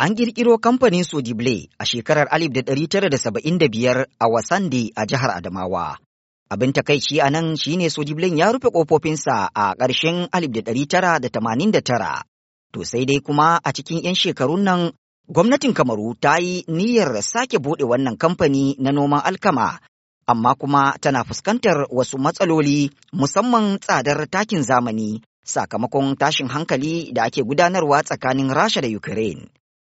An ƙirƙiro kamfanin Sodible a shekarar 1975 a Wasande a jihar Adamawa. Abin takaici a nan shi ne Sodiblen ya rufe ƙofofinsa a ƙarshen 1989. To sai dai kuma a cikin 'yan shekarun nan gwamnatin Kamaru ta yi niyyar sake buɗe wannan kamfani na noman alkama, amma kuma tana fuskantar wasu matsaloli musamman tsadar takin zamani sakamakon tashin hankali da ake gudanarwa tsakanin Rasha da Ukraine.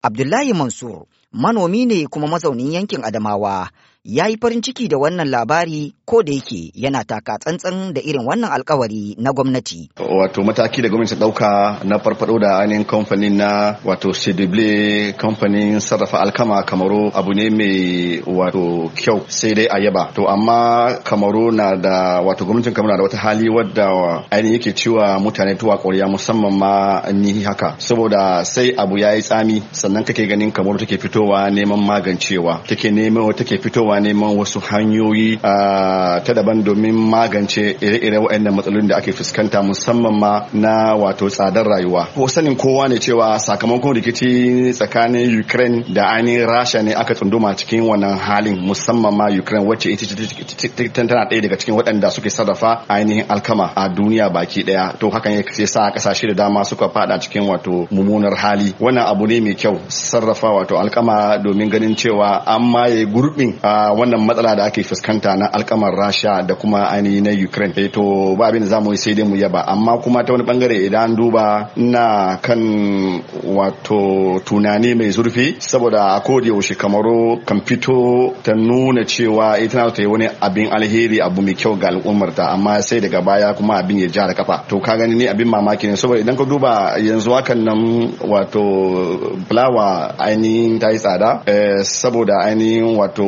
Abdullahi Mansur manomi ne kuma mazaunin yankin Adamawa, ya yi farin ciki da wannan labari ko da yake yana taka tsantsan da irin wannan alkawari na gwamnati. Wato mataki da gwamnati ta ɗauka na farfado da ainihin kamfanin na wato CDBLE kamfanin sarrafa alkama kamaru abu ne mai wato kyau sai dai a yaba. To amma kamaru na da wato gwamnatin kamaru na da wata hali wadda ainihin yake ciwa mutane tuwa ƙwarya musamman ma ni haka. Saboda sai abu ya yi tsami sannan kake ganin kamaru take fito fitowa neman magancewa take neman take fitowa neman wasu hanyoyi ah, ta daban domin magance ire-ire waɗannan matsalolin da ake fuskanta musamman ma na wato tsadar rayuwa ko sanin kowa ne cewa sakamakon rikici tsakanin Ukraine da ainihin Rasha ne aka tsunduma cikin wannan halin musamman ma Ukraine wacce ita tana ɗaya daga cikin waɗanda suke sarrafa ainihin alkama a duniya baki ɗaya to hakan ya sa kasashe da dama suka fada cikin wato mummunar hali wannan abu ne mai kyau sarrafa wato alkama al'umma domin ganin cewa an maye gurbin wannan matsala da ake fuskanta na alkamar rasha da kuma ainihi na ukraine eh to ba abin da mu yi sai dai mu yaba amma kuma ta wani bangare idan duba na kan wato tunani mai zurfi saboda a koda yaushe kamaru kan fito ta nuna cewa ita na ta yi wani abin alheri abu mai kyau ga al'ummar ta amma sai daga baya kuma abin ya ja da kafa to ka gani ne abin mamaki ne saboda idan ka duba yanzu hakan nan wato fulawa ainihin ta yi tsada eh, saboda ainihin wato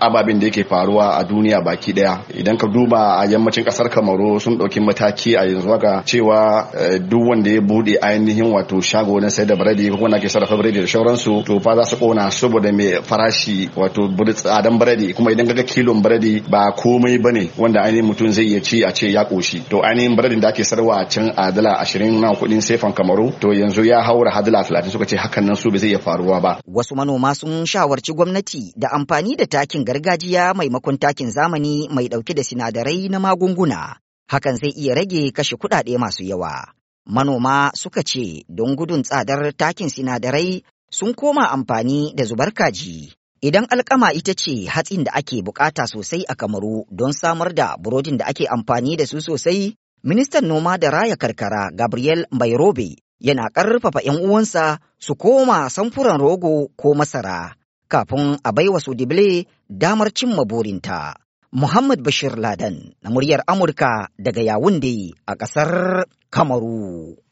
ababen da yake faruwa a duniya baki daya idan ka duba a yammacin kasar kamaru sun dauki mataki a yanzu haka cewa eh, duk wanda ya bude ainihin wato shago na sayar da biredi ko kuma ke sarrafa biredi da sauransu to fa za su kona saboda mai farashi wato tsadan biredi kuma idan ka ga kilon biredi ba komai bane wanda ainihin mutum zai iya ci a ce ya koshi to ainihin biredin da ake sarwa a can a dala ashirin na kudin sefan kamaru to yanzu ya haura hadala talatin suka ce hakan nan su bai zai iya faruwa ba wasu manoma manoma sun shawarci gwamnati da amfani da takin gargajiya maimakon takin zamani mai ɗauke da sinadarai na magunguna. Hakan zai iya rage kashe kuɗaɗe masu yawa. Manoma suka ce don gudun tsadar takin sinadarai sun koma amfani da zubar kaji. Idan alkama ita ce hatsin da ake bukata sosai a Kamaru don samar da burodin da ake amfani da su sosai, ministan noma da raya karkara Gabriel Mbairobe yana ƙarfafa 'yan uwansa su koma samfuran rogo ko masara kafin a baiwa su dible damar cimma burinta. Muhammad Bashir Laden na muryar Amurka daga Yawunde a ƙasar Kamaru.